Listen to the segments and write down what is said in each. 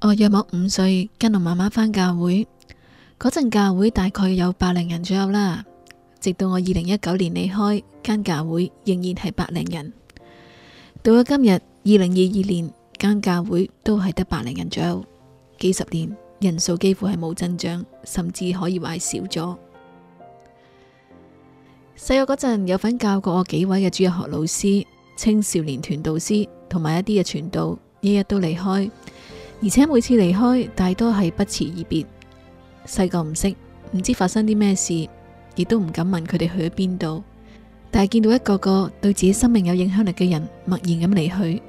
我約莫五歲跟我媽媽返教會，嗰陣教會大概有百零人左右啦。直到我二零一九年離開間教會，仍然係百零人。到咗今日二零二二年間教會都係得百零人左右，幾十年。人數幾乎係冇增長，甚至可以話係少咗。細個嗰陣有份教過我幾位嘅主日學老師、青少年團導師同埋一啲嘅傳道，日日都離開，而且每次離開大多係不辭而別。細個唔識，唔知發生啲咩事，亦都唔敢問佢哋去咗邊度。但係見到一個個對自己生命有影響力嘅人默然咁離去，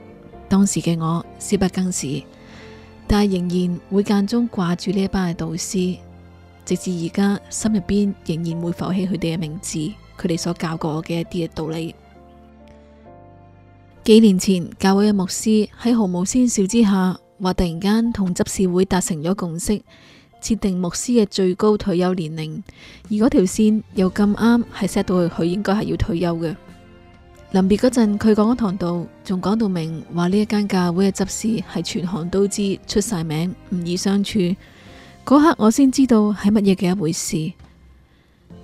當時嘅我少不更事。但仍然會間中掛住呢一班嘅導師，直至而家心入邊仍然會浮起佢哋嘅名字，佢哋所教過我嘅一啲嘅道理。幾年前教會嘅牧師喺毫無先兆之下，話突然間同執事會達成咗共識，設定牧師嘅最高退休年齡，而嗰條線又咁啱係 set 到佢應該係要退休嘅。臨別嗰陣，佢講咗堂道，仲講到明話呢一間教會嘅執事係全行都知，出晒名，唔易相處。嗰刻我先知道係乜嘢嘅一回事。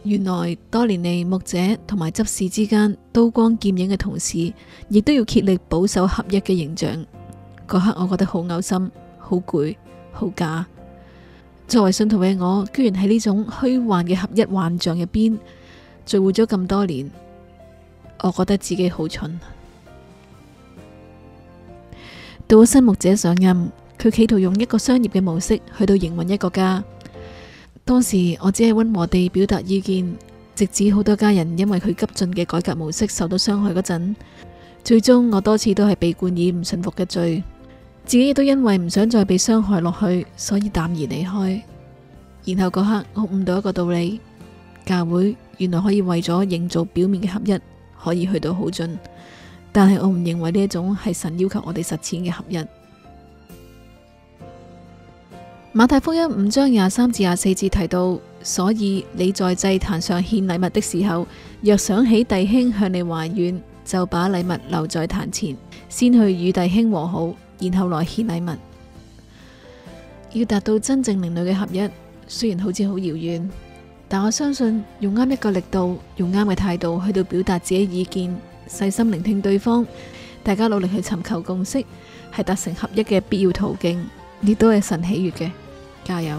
原來多年嚟牧者同埋執事之間刀光劍影嘅同時，亦都要竭力保守合一嘅形象。嗰刻我覺得好嘔心，好攰，好假。作為信徒嘅我，居然喺呢種虛幻嘅合一幻象入邊聚會咗咁多年。我覺得自己好蠢。到咗新牧者上任，佢企圖用一個商業嘅模式去到營運一個家。當時我只係溫和地表達意見，直至好多家人因為佢急進嘅改革模式受到傷害嗰陣，最終我多次都係被冠以唔信服嘅罪，自己亦都因為唔想再被傷害落去，所以淡然離開。然後嗰刻我悟到一個道理：教會原來可以為咗營造表面嘅合一，可以去到好盡，但係我唔認為呢一種係神要求我哋實踐嘅合一。馬太福音五章廿三至廿四節提到，所以你在祭壇上獻禮物的時候，若想起弟兄向你懷怨，就把禮物留在壇前，先去與弟兄和好，然後來獻禮物。要達到真正靈裏嘅合一，雖然好似好遙遠。但我相信，用啱一個力度，用啱嘅態度去到表達自己的意見，細心聆聽對方，大家努力去尋求共識，係達成合一嘅必要途徑，亦都係神喜悅嘅，加油！